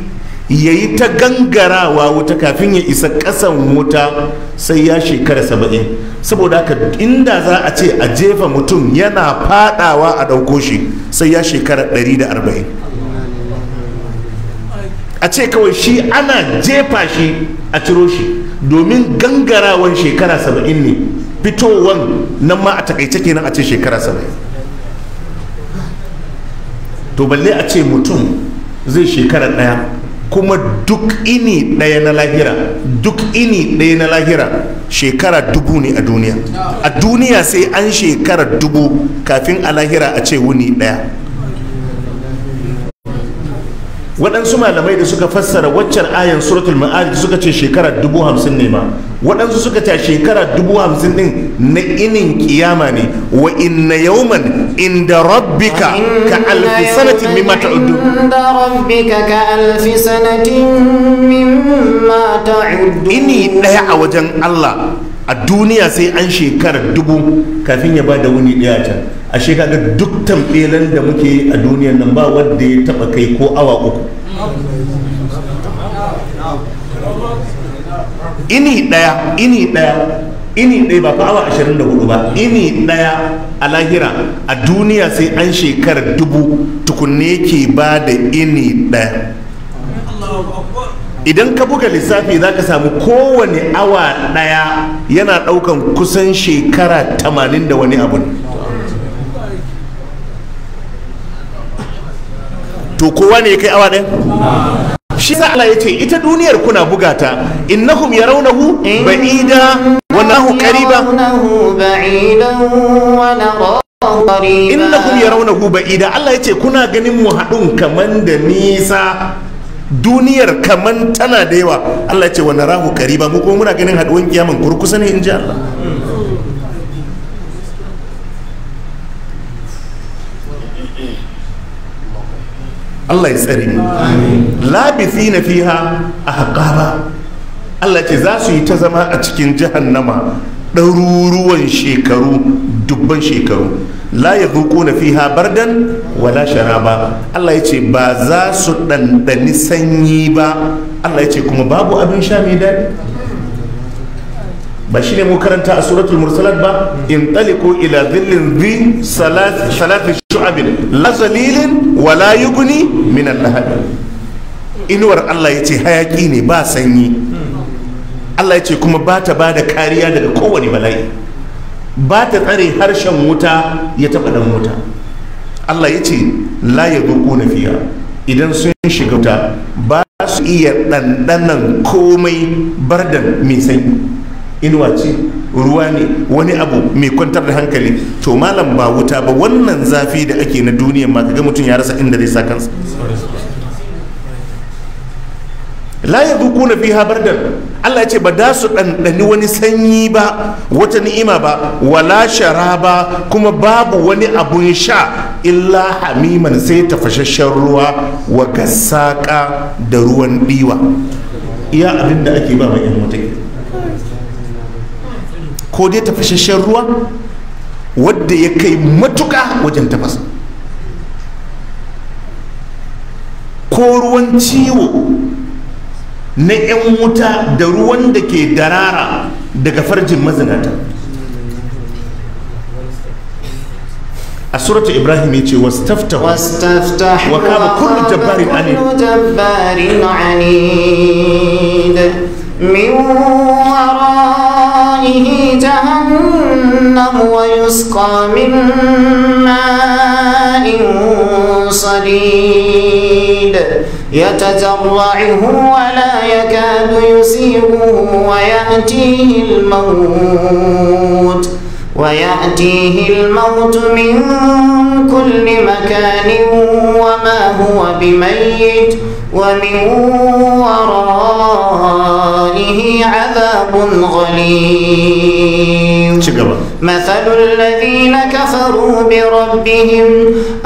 ya yi ta gangarawa wuta kafin ya isa ƙasan wuta sai ya shekara saba'in saboda haka inda za a ce a jefa mutum yana fadawa a ɗauko shi sai ya shekara ɗari da arba'in a ce kawai shi ana jefa shi a ciro shi domin gangarawan shekara saba'in ne fitowan nan ma a takaice kenan a ce shekara saba'in to balle a ce mutum zai shekara daya kuma duk ini daya na lahira duk ini daya na lahira shekara dubu ne a duniya a duniya sai an shekara dubu kafin a lahira a ce wuni daya. waɗansu malamai da suka fassara waccan ayan suratul ma'arij suka ce shekara dubu hamsin ne ma waɗansu suka ta shekara dubu hamsin ɗin na inin kiyama ne wa inna yawman inda rabbika ka alfi sanatin mimma ta'uddu inda ka alfi sanatin mimma ta'uddu ini ɗaya a wajen Allah a duniya sai an shekara dubu kafin ya bada wuni ɗaya can a shekara duk tamɓelen da muke a duniyan nan ba wadda ya taɓa kai ko awa uku ini daya ini daya ini ɗaya ba ashirin awa 24 ba ini ɗaya a lahira a duniya sai an shekarar dubu tukunne ke ba da ini ɗaya idan ka buga lissafi za ka samu kowane awa ɗaya yana ɗaukan kusan shekara 80 da wani abu to kowa ne ya kai awa ɗaya? shi sa Allah ya ce ita duniyar kuna bugata innahum yarawnahu ba'ida wa nahu qariba innahum yarawnahu ba'ida Allah ya ce kuna ganin mu hadun kaman da nisa duniyar kaman tana da yawa Allah ya ce wa narahu qariba mu kuma muna ganin haduwan kiyaman kurkusa ne in ji Allah Allah ya tsari mu labithina fiha ba. Allah ce za su yi ta zama a cikin jahannama ɗaruruwan shekaru dubban shekaru la ya na fiha bardan wala sharaba Allah ya ce ba za su ɗanɗani sanyi ba Allah ya ce kuma babu abin sha mai daɗi ba shine mu karanta a suratul mursalat ba in taliko ila zillin zi salat shu'abin la zalilin wa la yughni min al-lahab inuwar Allah yace hayaƙi ne ba sanyi Allah yace kuma ba ta bada kariya daga kowane bala'i ba ta tsare harshen wuta ya taba dan wuta Allah yace la na fiha idan sun shiga wuta ba su iya ɗanɗanan komai bardan mai sanyi inuwa ce ruwa ne wani abu mai kwantar da hankali to malam ba wuta ba wannan zafi da ake na duniya ma kaga mutum ya rasa inda zai sa kansa la yadhukuna fiha bardan Allah ya ce ba da su ɗanɗani wani sanyi ba wata ni'ima ba wala sharaba kuma babu wani abun sha illa hamiman sai fashashen ruwa wa gasaka da ruwan diwa iya abin da ake ba mai ko dai tafashashen ruwa wadda ya kai matuka wajen tafasa ko ruwan ciwo na 'yan wuta da ruwan da ke darara daga farjin mazinata a suratu ibrahim ya ce wasu tafta wa kama kullu jabbarin anid min wara ورائه جهنم ويسقى من ماء صديد يتجرعه ولا يكاد يسيبه ويأتيه الموت ويأتيه الموت من كل مكان وما هو بميت ومن ورائه عذاب غليظ مثل الذين كفروا بربهم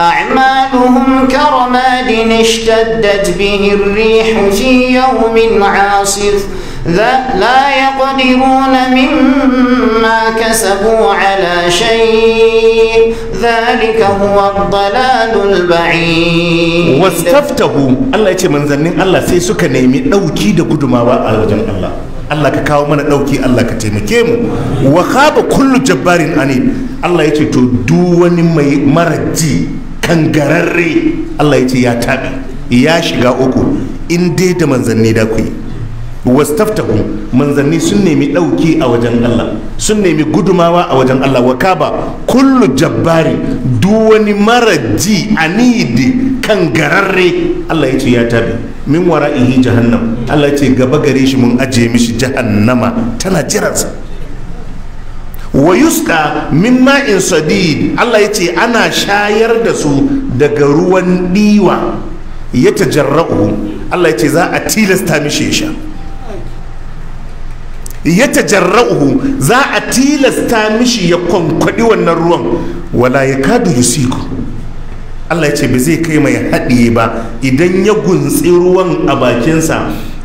أعمالهم كرماد اشتدت به الريح في يوم عاصف لا يقدرون مما كسبوا على شيء ذلك هو الضلال البعيد واستفتحوا الله يتي منزلين الله سي suka nemi ɗauki da gudumawa a wajen Allah Allah ka kawo mana ɗauki, Allah ka taimake mu wa khaba kullu jabbarin anid Allah yace to duk wani mai maraji kangararre Allah yace ya tabi ya shiga uku in dai da manzanni da ku yi wastaftahu manzanni sun nemi ɗauki a wajen Allah sun nemi gudumawa a wajen Allah wa kaba kullu jabbari duk wani maraji anidi kan gararre Allah ya ce ya tabi min wara'ihi jahannam Allah ya ce gaba gare shi mun aje mishi jahannama tana jiransa wa yuska min ma'in sadid Allah ya ce ana shayar da su daga ruwan diwa ya tajarra'u Allah ya ce za a tilasta mishi ya sha ya tajarra'uhu za a tilasta mishi ya kwankwaɗi wannan ruwan wala ya kadu yusiku Allah ya ce ba zai kai mai haɗi ba idan ya guntsi ruwan a bakinsa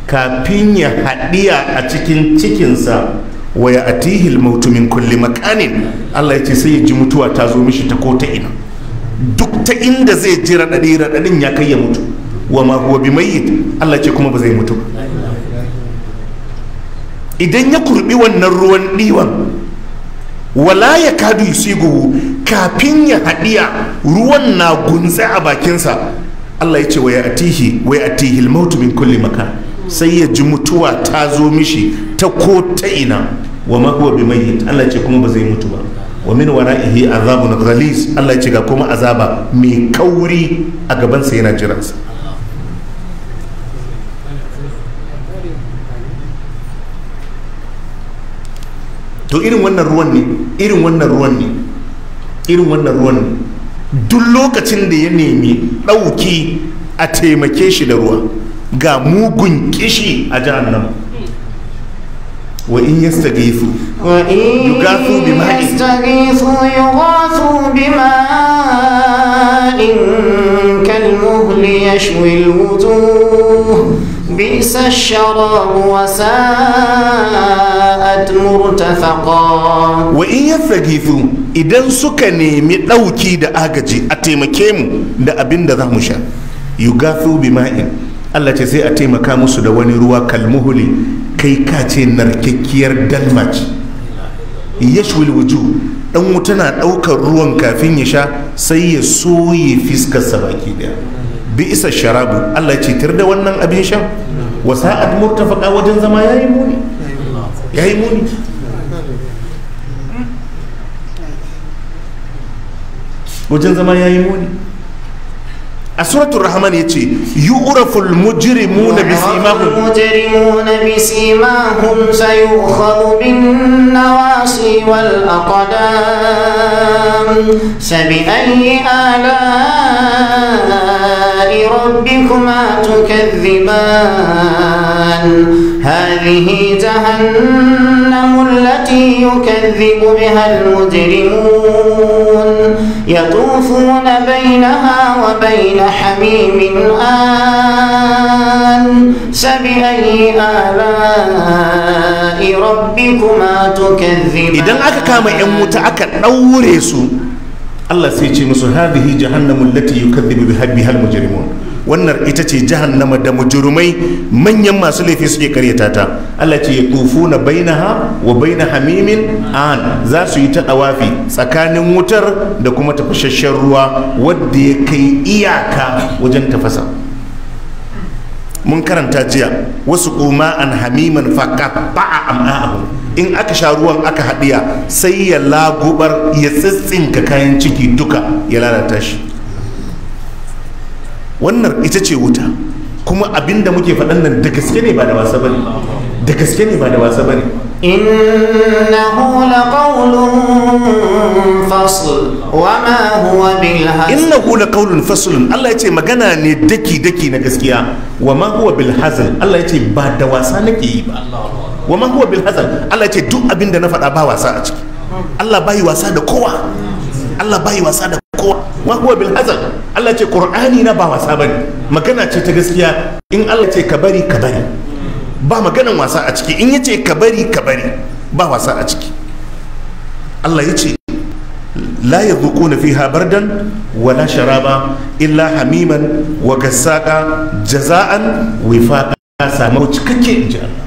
kafin ya haɗiya a cikin cikinsa waya ya atihil min kulli makanin Allah ya ce sai ya ji mutuwa ta zo mishi ta kota ta ina duk ta inda zai ji raɗaɗi raɗaɗin ya kai ya mutu wa ma huwa bi mayyit Allah ya ce kuma ba zai mutu ba idan ya kurbi wannan ruwan ɗiwan wala ya kadu yusigu kafin ya haɗiya ruwan na gunze a bakinsa Allah ya ce wa atihi wa ya atihi maut min kulli makan sai ya ji mutuwa ta zo mishi ta ko ta ina wa ma huwa bimayyit Allah ya ce kuma ba zai mutu ba wa min wara'ihi azabun ghaliz Allah ya ce ga kuma azaba mai kauri a gabansa yana jiransa to irin wannan ruwan ne irin wannan ruwan ne irin wannan ruwan ne duk lokacin da ya nemi ɗauki a taimake shi da ruwa ga mugun kishi a jahannama wa in yastaghithu wa in yughathu bi yastaghithu yughathu bima'in kalmuhli yashwi بئس الشراب وساءت مرتفقا وإن يستغيثوا idan suka nemi ɗauki da agaji a taimake mu da abin da za mu sha yugathu bima'in Allah ce sai a taimaka musu da wani ruwa kalmuhuli kai ka ce narkakkiyar yashwi wuju dan wuta na daukar ruwan kafin ya sha sai ya soye fiskar sa baki daya bi isa sharabu Allah ce tir da wannan abin shan wa sa'at murtafaqa wajen zama yayi muni yayi muni wajen zama yayi muni سورة الرحمن يتي يعرف المجرمون بسيماهم المجرمون بسيماهم سيؤخذ بالنواصي والأقدام فبأي آلاء ربكما تكذبان هذه جهنم جهنم التي يكذب بها المجرمون يطوفون بينها وبين حميم آن سبأي آلاء ربكما تكذبان إذا أكا كاما يموت أكا نوريسو الله سيتي مسو هذه جهنم التي يكذب بها المجرمون wannan ita ce jahannama da mujurumai manyan masu laifi suke karyata ta Allah ce tufu na bainaha wa baina hamimin an za su yi ta dawafi tsakanin wutar da kuma tafashashen ruwa wadda ya kai iyaka wajen tafasa mun karanta jiya wasu kuma an hamiman a amma'ahu in aka sha ruwan aka haɗiya sai ya lagubar ya tsitsinka kayan ciki duka ya lalata shi wannan ita ce wuta kuma abinda muke faɗan nan da gaske ne ba da wasa bane da gaske ne ba da wasa bane innahu laqawlun fasl wa ma huwa bil hazl innahu Allah magana ne daki daki na gaskiya wa ma huwa bil Allah Allah ce ba da wasa nake yi ba wa ma huwa bil Allah Allah ce duk abinda na faɗa ba wasa a ciki Allah bai wasa da kowa Allah bai wasa da ma bil hazal Allah ce qur'ani na ba wasa bane magana ce ta gaskiya in Allah ce ka bari ka bari ba maganan wasa a ciki in yace ka bari ka bari ba wasa a ciki Allah yace la yadhuquna fiha dan wala sharaba Ila hamiman wa gassaqa jaza'an wifaqa cikakke inji Allah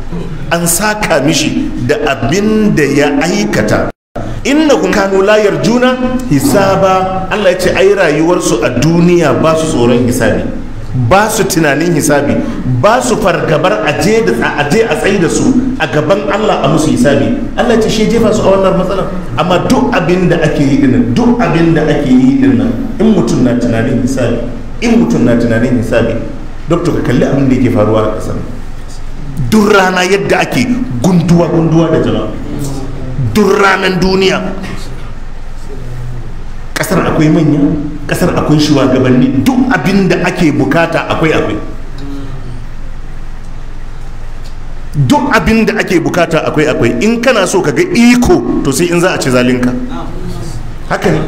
an saka mishi da abin da ya aikata inna kun kanu la yarjuna hisaba Allah ya ce ai rayuwarsu a duniya ba su tsoron hisabi ba su tunanin hisabi ba su fargabar aje a tsayi da su a gaban Allah a musu hisabi Allah ce shi jefa su a wannan matsalar amma duk abin da ake yi dinnan duk abin da ake yi dinnan in mutum na tunanin hisabi in mutum na tunanin hisabi doctor ka kalli abin da yake faruwa a kasar duk rana yadda ake gunduwa gunduwa da jama'a duk ranar duniya kasar akwai manya kasar akwai shugabanni duk abin da ake bukata akwai akwai duk abin da ake bukata akwai akwai in kana so ka ga iko to sai in za a ci zalinka haka ne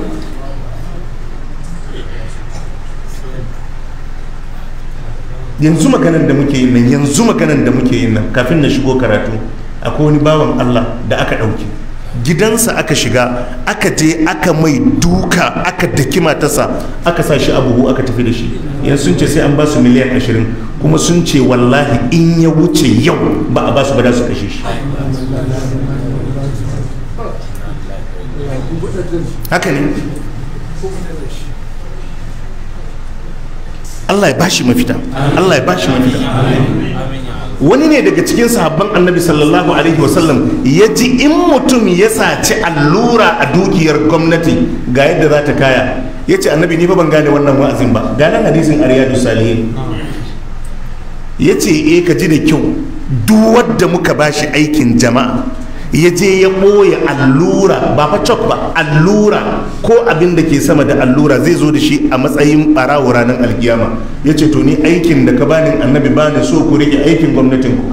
yanzu maganar da muke yin nan yanzu maganar da muke yin nan kafin na shigo karatu akwai wani bawan allah da aka dauke gidansa aka shiga aka je aka mai duka aka daki matarsa aka sa shi abubu aka tafi da shi yan sun ce sai an ba su miliyan ashirin kuma sun ce wallahi in ya wuce yau ba a ba su da su kashe shi haka ne Allah ya bashi mafita Allah ya bashi mafita wani ne daga cikin sahabban annabi sallallahu alaihi wasallam ya ji in mutum ya saci allura a dukiyar gwamnati ga yadda za ta kaya ya ce annabi ni fa ban gane wannan wa'azin ba ganan hadisin ariyadu salihin ya ce e ka ji da kyau duk wadda muka bashi aikin jama'a ya je ya ɓoye allura ba fa cok ba allura ko abin da ke sama da allura zai zo da shi a matsayin ɓarawo ranar alkiyama ya ce to ni aikin da ka bani annabi bani so ku rike aikin gwamnatin ku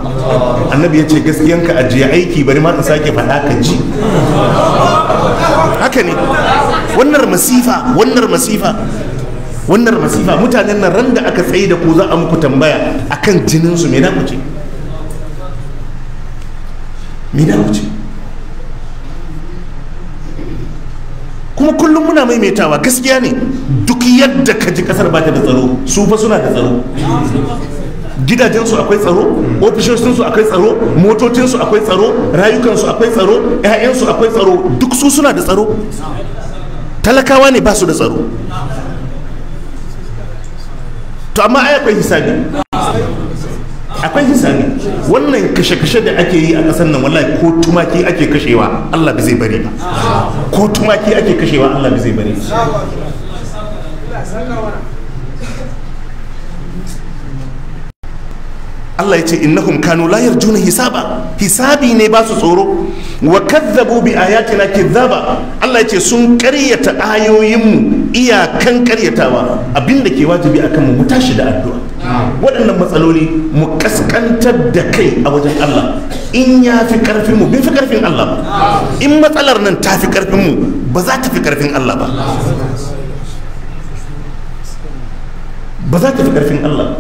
annabi ya ce gaskiyan ka ajiye aiki bari ma in sake faɗa ka ji haka ne wannan masifa wannan masifa wannan masifa mutanen nan ran da aka tsaye da ku za a muku tambaya akan jininsu me na ku me na ku kuma kullum muna maimaitawa gaskiya ne duk yadda ka ji kasar ba ta da tsaro su fa suna da tsaro gidajensu akwai tsaro ofishinsu akwai tsaro motocinsu akwai tsaro rayukansu akwai tsaro 'ya'yansu akwai tsaro duk su suna da tsaro talakawa ne ba su da tsaro to amma ai hisabi akwai ne wannan kashe-kashe da ake yi a ƙasar nan wallahi ko tumaki ake kashewa Allah bai zai bari ba ko tumaki ake kashewa Allah bai zai bari Allah ya ce innahum kanu la yarjuna hisaba hisabi ne ba su tsoro wa kadzabu bi ayatina kadzaba Allah ya ce sun karyata ayoyinmu iyakan karyatawa abinda ke wajibi akan mu mu tashi da addu'a waɗannan matsaloli mu kaskantar da kai a wajen Allah in ya fi karfin mu bai fi karfin Allah ba in matsalar nan ta fi karfin mu ba za ta fi karfin Allah ba ba za ta fi karfin Allah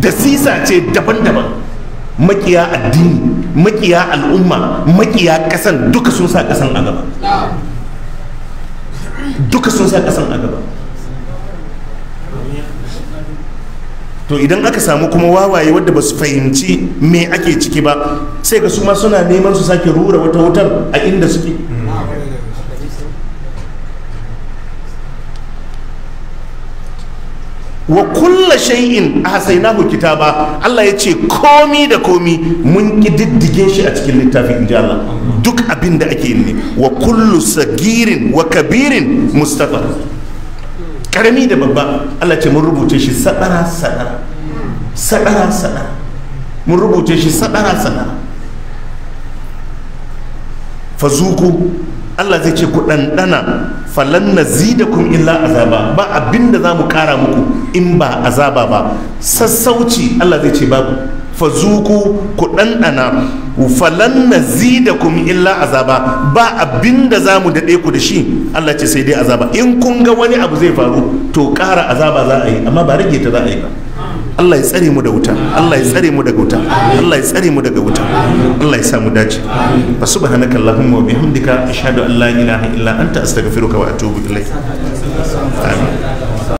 da sisa ce daban-daban makiya addini makiya al'umma makiya kasan duka sun sa kasan a gaba duka sun sa kasan a gaba to idan aka samu kuma wawaye wadda ba su fahimci me ake ciki ba sai ga su ma suna neman su sake rura wata wutar a inda suke wa kulla shay'in ahsaynahu kitaba Allah ya ce komi da komi mun kididdige shi a cikin littafin inji Allah duk abin da ake yi ne wa kullu sagirin wa kabirin mustafa karami da babba Allah ce mun rubuce shi sadara sadara sadara sadara mun rubuce shi sadara sadara fazuku Allah zai ce ku ɗanɗana falan na kun illa azaba ba abinda za mu ƙara muku in ba azaba ba sassauci Allah zai ce babu fazuku ku ɗanɗana falan na da kuma illa azaba ba abin da za mu daɗe ku da shi Allah ce sai dai azaba in kun ga wani abu zai faru to ƙara azaba za a yi amma ba rage ta za a yi ba Allah ya tsare mu da wuta Allah ya tsare mu daga wuta Allah ya tsare mu daga wuta Allah ya sa mu dace fa subhanaka allahumma wa bihamdika ashhadu an la ilaha illa anta astaghfiruka wa atubu ilayk amin